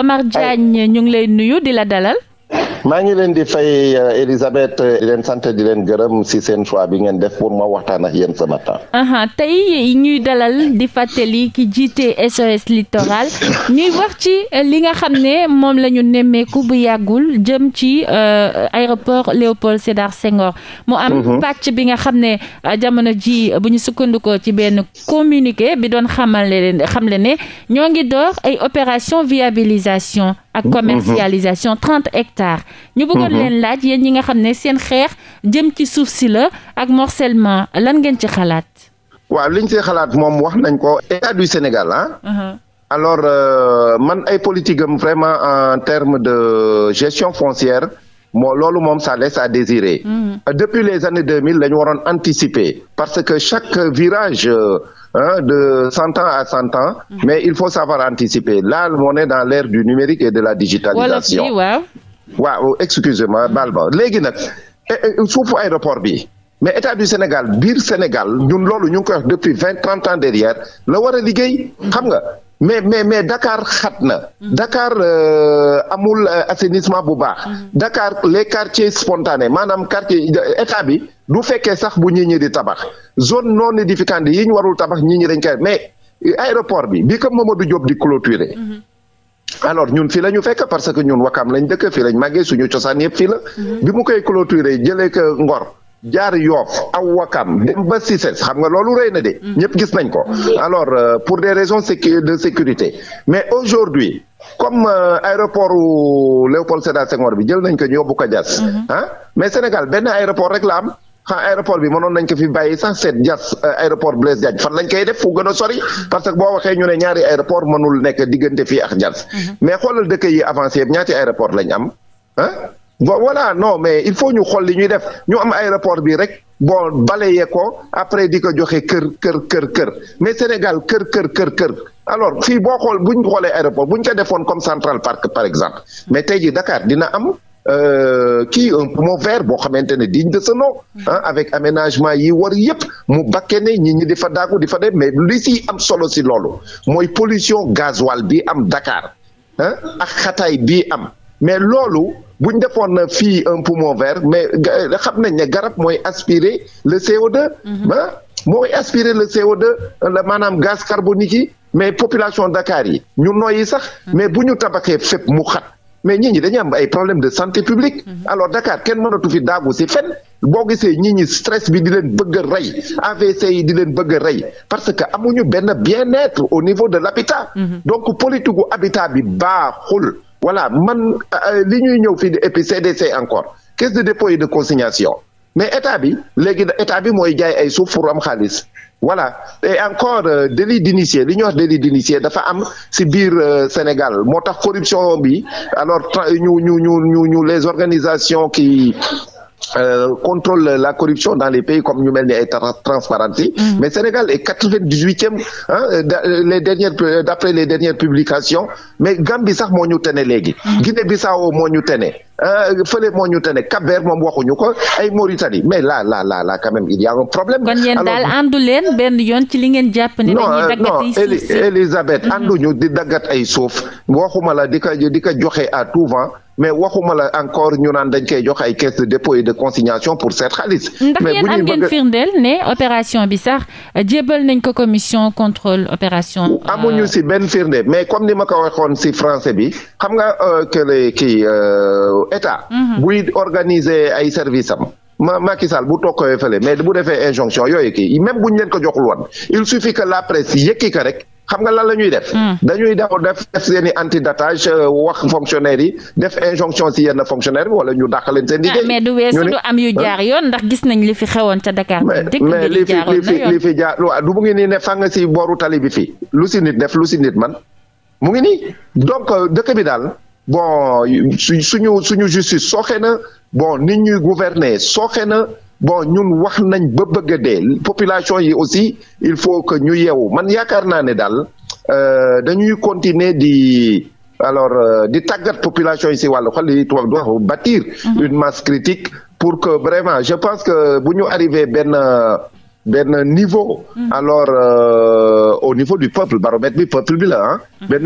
Omar Diagne ñu ngi lay nuyu di la dalal. maa ngi leen di fay euh, Elisabeth euh, di leen sant di leen gërëm si seen choix bi ngeen def pour ma waxtaan ak yéen ce matin. tey ñuy dalal di fàttali ki jiite SOS littoral ñuy wax ci euh, li nga xam ne moom lañu nemmeeku bu yàggul jëm ci aéroport Léopold Sédar Senghor. mu am mhm. pàcc bi nga xam ne jamono ji bu ñu sukkandikoo ci benn communiqué bi doon xamal leen xamle ne ñoo ngi door ay opération viabilisation. ak mhm. commercialisation 30 hectares ñu bëggoon mhm. leen laaj yéen ñi nga xam ne seen xeex jëm ci suuf si la ak morcellement lan ngeen ci xalaat waaw liñ ci xalaat moom wax nañ ko état du Sénégal ah uh-huh. alors euh, man ay politique am vraiment en terme de gestion foncière moo loolu moom ça laisse à désirer. Mm-hmm. Euh, depuis les années 2000 la ñu waroon anticiper parce que chaque euh, virage euh, hein, de cent ans à cent ans. Mm-hmm. mais il faut savoir anticiper là on est dans l'ère du numérique et de la digitalisation. waaw waaw oh, excusez-moi baal mm-hmm. ba léegi nag suufu eh, eh, aéroport bi. mais état du Sénégal biir Sénégal ñun loolu ñu ngi koy wax depuis vingt trente ans derrière la war a liggéey xam nga mais mais mais Dakar xat na. Mm-hmm. Dakar euh, amul euh, assainissement bu baax. Mm-hmm. Dakar les quartiers spontanés maanaam quartier état bi du fekkee sax bu ñi ñi di tabax zone non édificante yi ñu warul tabax ñi ñi dañ koy mais aéroport bi bi ko Mamadou Diop di clôturer. Mm-hmm. alors ñun fii la ñu fekk parce que ñun Wakam lañ dëkk fii lañ màggee suñu cosaan yëpp fii la. bi mu koy clôturer jëlee ko Ngor. jaar Yoff aw Wakam dem ba Cissés xam nga loolu rëy na de. Mm. ñëpp gis nañ ko. Mm. alors euh, pour des raisons de sécurité mais aujourd'hui comme euh, aéroport Léopold Sédar Senghor bi jël nañ ko ñu yóbbu ko Diass. ah mm-hmm. mais Sénégal benn aéroport rek la am. xam aéroport bi mënoon nañ ko fi bàyyi sax seet Diass euh, aéroport Blaise Diagne fan lañ koy def fu gën a sori mm-hmm. parce que boo waxee ñu ne ñaari aéroport mënul nekk diggante fii ak Diass mm-hmm. mais xoolal dëkk yi avancé yëpp ñaati aéroport lañ am ah voilà no mais il faut ñu xool li ñuy def ñu am aéroport bi rek bon balayé ko après di ko joxe kër kër kër kër mais Sénégal kër kër kër kër alors fii boo xool bu xoolee aéroport buñ ñu ko defoon comme Central Park par exemple mais tey jii Dakar dina am. Euh, kii un poumon vert boo xamante ne di de ce nom ah avec aménagement yi war yëpp mu bakkee ne ñi ñi di fa daagu di dem mais li si am solo si loolu mooy pollution gasoil bi am Dakar ah ak xataay bi am mais loolu bu buñ defoon fii un poumon vert mais euh, xam nañ ne garab mooy aspirer le CO2. Mhm. mooy aspirer le CO2 euh, maanaam gaz carbonique yi mais population Dakar yi ñu noyyi sax. Mhm. mais bu ñu tabaxee fépp mu xat. mais ñii ñi dañuy am ay problème de santé publique mhm. alors Dakar kenn mënatu fi daagu si fenn boo gisee ñii ñi stress bi di leen bëgg a rey AVC yi di leen bëgg rey parce que amuñu benn bien-être au niveau de l'habitat donc politique gu habitat bi baa voilà man euh, li ñuy ñëw fii di et puis CDC encore caisse de dépôt de consignation mais état bi léegi état bi mooy jaay ay suuf pour am xaalis voilà et encore euh, délit li ñuy wax délit d'initié dafa am si biir euh, Sénégal moo tax corruption bi alors ñu ñu ñu ñu ñu les organisations qui euh, contrôle la corruption dans les pays comme ñu mel ni ay Transparency mm. mais Sénégal est quatre-vingt-dix-huitième les dernières d'après les dernières publications mais Gambie sax moo ñu tene léegi mm. Guinée-Bissau moo ñu tene euh, fële moo ñu tene Cap-Vert moom waxuñu ko ay Mauritanie mais la la la là il y a un problème kon yéen daal àndu leen benn yoon ci li ngeen jàpp ne dañuy euh, daggat ay suuf mm. non di daggat ay suuf waxuma la di ko di ko joxe à tout vent mais waxuma la encore ñu naan dañ koy jox ay caisse de dépôt de consignation pour seet xaalis. mais bu ñuy bëgg ndax yéen am ngeen firndeel ne opération bi sax jébal nañ ko commission contrôle opération. Euh, amuñu si benn firnde mais comme ni ma ko waxoon si français bi xam nga euh, que kii euh, état. Mhm. buy organiser ay service am. ma Macky Sall bu tokkowee fële mais bu defee injonction yooyu kii même bu ñu leen ko joxul woon il suffit que la presse yëkki ko rek. xam nga lan la ñuy def. Hmm. dañuy daw def seen i anti-datage euh, wax fonctionnaire yi def injonction si yenn fonctionnaire bi wala ñu dàq leen seen liggéey. Ah, mais du weesu du am yu jaar yoon ndax gis nañ li fi xewoon ca Dakar. dëkk mais li fi li fi li fi jaar du mu ngi nii ne fang si fii lu si nit def lu si nit man mu ngi nii donc euh, dëkk bi daal. bon suñu suñu justice sooxe na bon nit ñuy gouverner sooxe na bon ñun wax nañ ba bëgg a population yi aussi il faut que ñu yeewu man yaakaar naa ne daal euh, dañuy continuer di alors euh, di tàggat population yi si wàllu xol yi tubaab di wax bâtir mm -hmm. une masse critique pour que vraiment je pense que bu ñu arriver benn benn niveau mhm. alors euh, au niveau du peuple baromètre bi peuple bi la ah. benn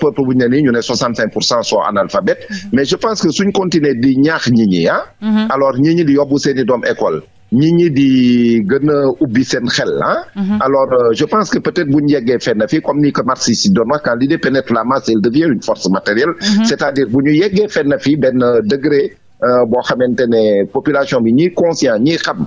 peuple bu ne nii ñu ne 65 pour cent sont analphabètes. Mm-hmm. mais je pense que suñ continuer di ñaax ñi mm-hmm. alors ñi di yóbbu seen i école. ñi di gën a ubbi seen xel ah. alors euh, je pense que peut-être bu ñu yeggee fenn fii comme ni ko Marx si doon quand l'idée pénètre la masse elle devient une force matérielle. c'est-à-dire bu ñu yeggee fenn fii benn degré euh, boo xamante ne population bi ñi conscient ñi xam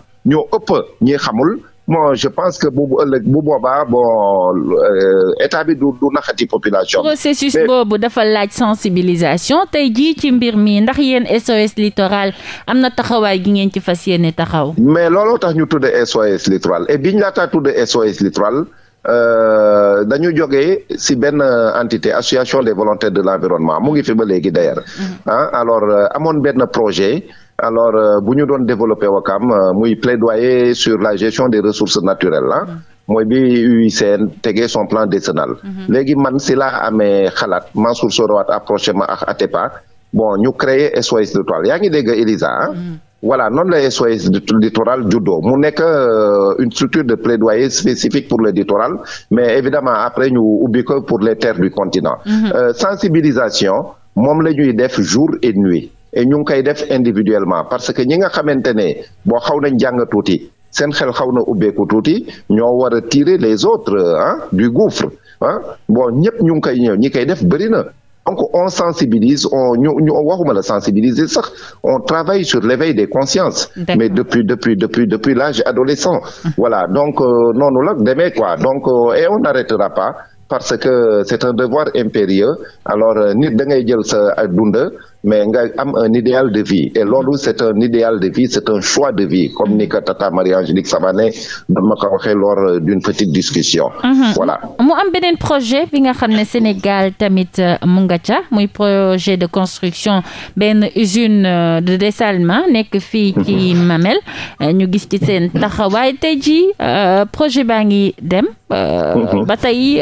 bon je pense que bu ëllëg bu boobaa bon euh, état bi du du naxati population. processus boobu dafa laaj sensibilisation tey jii ci mbir mi ndax yéen SOS littoral am na taxawaay gi ngeen ci fas yéene taxaw. mais looloo tax ñu tuddee SOS littoral et biñ laataa tuddee SOS littoral. Euh, dañu jógee ci benn entité association des volontaires de l'environnement mu ngi fi ba léegi d'ailleurs. Mm-hmm. ah alors euh, amoon benn projet. alors euh, bu ñu doon développer Wakam euh, muy plaidoyer sur la gestion des ressources naturelles ah. mooy bi UICN tegee son plan décennal. Mhm. léegi man si laa amee xalaat Mansour Soroat approché ma ak Atepa bon ñu créer SOS littoral yaa ngi dégg Elisa ah. voilà noonu la SOS littoral juddoo mu nekk euh, une structure de plaidoyer spécifique pour le littoral mais évidemment après ñu ubbi ko pour les terres du continent. Mhm. sensibilisation moom la ñuy def jour et nuit. ñu ngi koy def individuellement parce que ñi nga xamante ne boo xaw nañ jàng tuuti seen xel xaw na ubbeeku tuuti ñoo war a tirer les autres ah du gouffre ah bon ñëpp ñu ngi koy ñëw ñi koy def bëri na donc on sensibilise on ñu ñu waxuma la sensibiliser sax on travaille sur l'éveil des consciences mais depuis depuis depuis depuis l'âge adolescent voilà donc euh, noonu lag demee quoi donc euh, et on n'arrêtera pas parce que c'est un devoir impérieux alors euh, nit da ngay jël sa dund mais nga am un idéal de vie et loolu c'est un idéal de vie c'est un choix de vie comme ni ko tata Marie-Angélique Savané dama ko waxee lors d'une petite discussion mhm. voilà mu am beneen projet bi nga xam ne Sénégal tamit euh, mu nga ca muy projet de construction benn usine euh, de dessalement nekk fii ci mhm. Mamel euh, ñu gis ci seen taxawaay tey ji projet baa ngi dem mhm. ba tey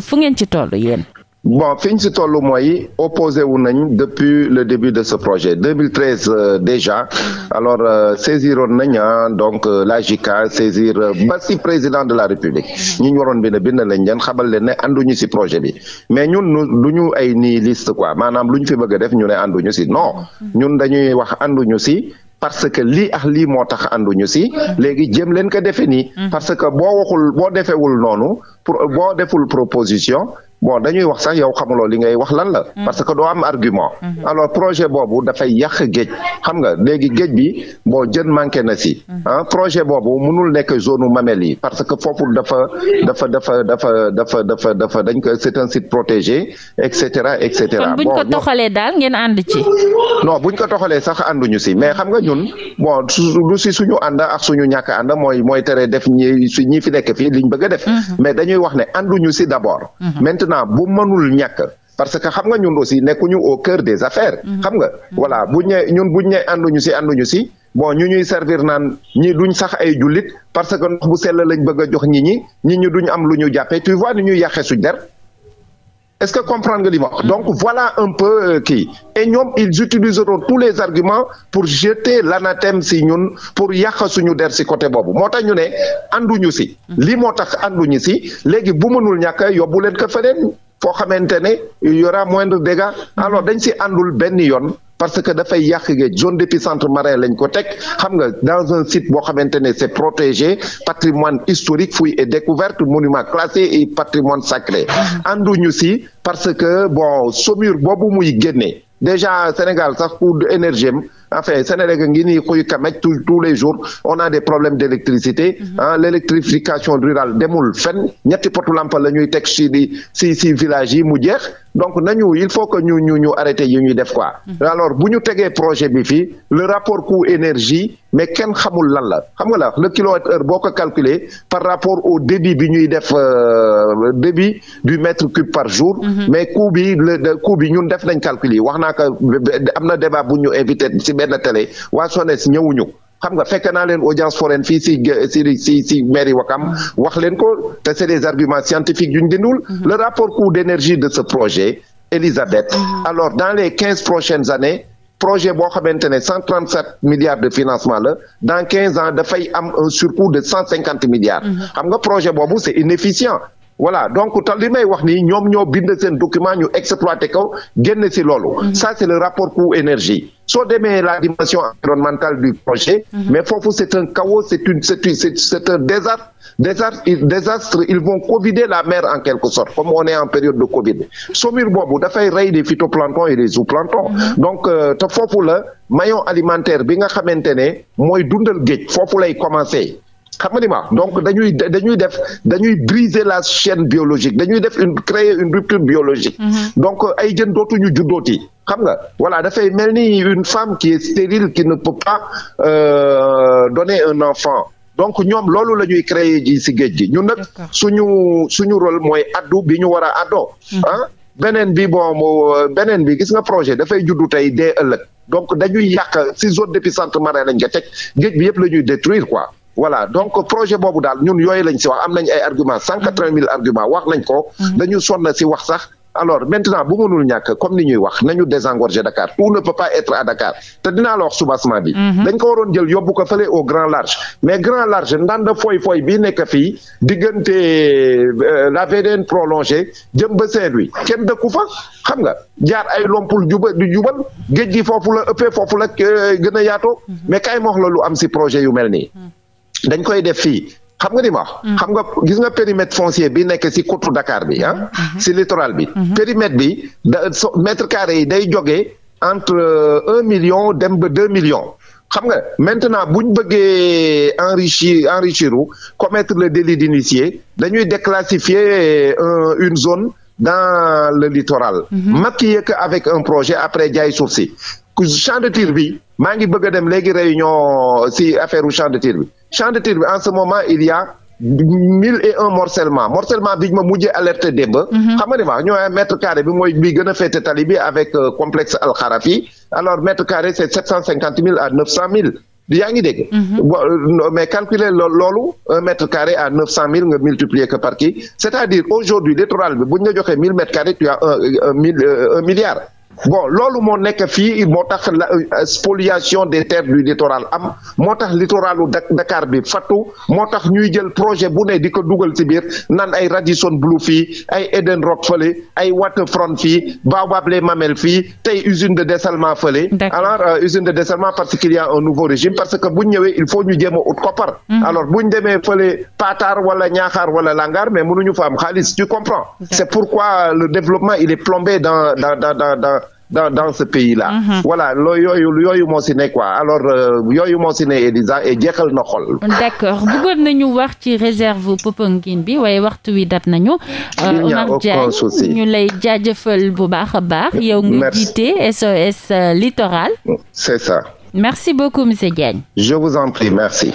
fu ngeen ci toll yéen bon fi si toll mooy opposé wu nañ depuis le début de ce projet 2013 euh, déjà mm-hmm. alors euh, saisiroon nañ ah, donc euh, la JICA saisir euh, ba si président de la République mm-hmm. ñi ñu waroon bind bind lañ leen xamal leen ne ànduñu si projet bi mais ñun luñu ay nii liste quoi maanaam lu ñu fi bëgg a def ñu ne ànduñu si non mm-hmm. ñun dañuy wax ànduñu si. parce que lii ak lii moo tax ànduñu si léegi jéem leen ko defe nii parce que boo waxul boo defewul noonu pour boo deful proposition bon dañuy wax sax yow xamuloo li ngay wax lan la. Mm. parce que doo am argument. Mm-hmm. alors projet boobu dafay yàq géej xam nga léegi géej bi bon jën manqué na si. Mm-hmm. Ah, projet boobu mënul nekk zone mamel yi parce que foofu dafa dafa dafa dafa dafa dafa dafa dañ ko c'est si site protégé et cetera et cetera. bon buñ ko toxalee daal ngeen ànd ci. no buñ ko toxalee sax ànduñu si mais xam nga ñun bon lu si suñu ànd ak suñu ñàkk ànd mooy mooy tere def ñi ñi fi nekk fii liñ bëgg a def. Mm-hmm. mais dañuy wax ne ànduñu si d'abord. maintenant bu mënul ñàkk parce que xam nga ñun aussi ñu o cœur des affaires. Mhm. xam nga mhm. voilà bu ñe ñun bu ñu ñee ànduñu si ànduñu si. bon ñu ñuy servir na ñi duñ sax ay jullit parce que ndox bu sell lañ bëgg jox ñi ñi ñi duñ am lu ñu jàppee tu vois ni ñuy yàqee suñ der est-ce que comprendre nga li mm. donc voilà un peu euh, kii et ñoom ils utiliseront tous les arguments pour jeter l'anathème si ñun pour yàq suñu der si côté boobu moo tax ñu ne ànduñu si mm. li moo tax ànduñu si léegi bu mënul ñàkk yóbbu leen ko feneen foo xamante ne il y aura moindre dégâts mm. alors dañ si àndul benn yoon parce que dafay yàq géej zone d'épicentre marin lañ ko teg xam nga dans un site boo xamante ne c'est protégé patrimoine historique fouille et découverte monument classé et patrimoine sacré mm-hmm. ñu si parce que bon saumure boobu muy génne déjà Sénégal sax coût de énergie am enfin Sénégal ngi ni xuy kamej tous les jours on a des problèmes d'électricité mm-hmm. ah mm -hmm. l'électrification rurale demul fenn ñetti potu lampe la ñuy teg si di si si village yi mu jeex donc nañu il faut que ñu ñu ñu arrêté yi ñuy def quoi. Mm-hmm. alors bu ñu tegee projet bi fii le rapport coût énergie mais kenn xamul lan la xam la le kilo heure boo ko calculer par rapport au débit bi ñuy def euh, débit du mètre cube par jour. Mm-hmm. mais coût bi le coût bi ñun def nañ calcul yi wax naa ko am na débat bu ñu invité si benn télé waa SONES ñëwuñu. xam nga fekke naa leen audience foraine fii si si si si mairie Wakam wax leen ko te c'est des arguments scientifiques yu ñu dindul mhm. le rapport coût d'énergie de ce projet Elisabeth mhm. alors dans les quinze prochaines années projet boo xamante ne cent trente sept milliards de financement la dans quinze ans dafay am un surcoût de cent cinquante milliards mhm. xam nga projet boobu c'est inefficient voilà donc te li may wax nii ñoom ñoo bind seen document ñu exploité ko génn ci loolu. Mhm. ça c'est le rapport coût énergie. soo demee la dimension environnementale du projet. Mhm. mais foofu c'est un chaos c'est une c'est une c'est un désastre. désastre désastre ils vont covider la mer en quelque sorte comme on est en période de Covid saumure boobu dafay rey des phytoplanctons et des zooplanctons mhm. donc euh, te foofu la maillon alimentaire bi nga xamante ne mooy dundal géej foofu lay commencé xam nga ni ma donc dañuy dañuy def dañuy briser la chaine biologique dañuy def un créer une rupture biologique. Mm-hmm. donc euh, ay jën dootuñu juddooti. xam nga voilà dafay mel ni une femme qui est stérile qui ne peut pas euh, donner un enfant donc ñoom loolu la ñuy créer ji si géej gi ñun nag suñu suñu rôle mooy addu bi ñu war a addoo mm-hmm. ah, beneen bi bon euh, beneen bi gis nga projet dafay juddu tey dee ëllëg donc dañuy yàq si zone d'épicentre marin lañ nga teg géej bi yëpp la ñuy détruire quoi voilà donc projet boobu daal ñun yooyu lañ si wax am nañ ay arguments cent quatre-vingt mille arguments wax nañ ko. Mhm. dañu sonn si wax sax. alors maintenant bu mënul ñàkk comme ni ñuy wax nañu désengorger Dakar tout ne peut pas être à Dakar te dinaa la wax bi. Mhm. dañ ko waroon jël yóbbu ko fële au grand large. mais grand large ndanda foy foy bii nekk fii diggante euh, la VDN prolongée jëm ba Saint-Louis kenn dëkku fa xam nga jaar ay lompul juba du jubal géej gi foofu la ëppee foofu la euh, gën a mhm. ma wax la lu si projet yu mel nii. dañ koy def fii xam nga di ma mm. xam nga gis nga périmètre foncier bi nekk si côte Dakar bi si ah. mm-hmm. mm-hmm. ci littoral bi. Mm-hmm. périmètre bi mètre carré yi day joge entre euh, un million dem ba deux millions. xam nga maintenant bu ñu bëggee enrichir enrichir wu commettre le délit d'initié dañuy déclassifier euh, un une zone dans le littoral. maquiller que avec un projet après jaay suuf si champ de tir bi maa ngi bëgg a dem léegi réunion si affaire u champ de tir bi champ de tir en ce moment il y a mille et un morcellement morcellement bi ma mujjee alerté démb. Mhm. ni ma ñoo mètre carré bi mooy bi gën a féete avec euh, complexe Al alors mètre carré c' sept cent cinquante mille à neuf cent mille yaa ngi dégg. Mhm. Euh, mais calculer loolu un mètre carré à neuf cent mille nga multiplier que par kii dire aujourd'hui littoral bon loolu moo nekk fii moo tax la euh, spoliation des terres du littoral am moo tax littoralu Dakar bi fattu moo tax ñuy jël projet bu ne di ko dugal ci biir naan ay Radisson Blu fii ay Eden Rock fële ay Waterfront fii Baobab les Mamelles fii tey usine de dessalement fële euh, usine de dessalement parce qu'il a un nouveau régime parce que buñ ñëwee il faut ñu jéem a ut koppar mhm. alors buñ demee fële Pataar wala Ñaaxaar wala Langaar mais mënuñu fa am xaalis tu comprends c'est pourquoi le développement il est plombé dans dans dans dans ce pays là. Mm -hmm. voilà loolu yooyu yooyu moo si ne quoi alors euh, yooyu moo si ne Elisa et jeexal na xol. d' accord nañu wax ci réserve Popenguine bi waaye waxtu wi dab nañu. Euh, Omar ñu lay jaajëfal bu baax a baax. yow nga jiite SOS euh, littoral. c' ça. merci beaucoup monsieur Diagne. je vous en prie merci.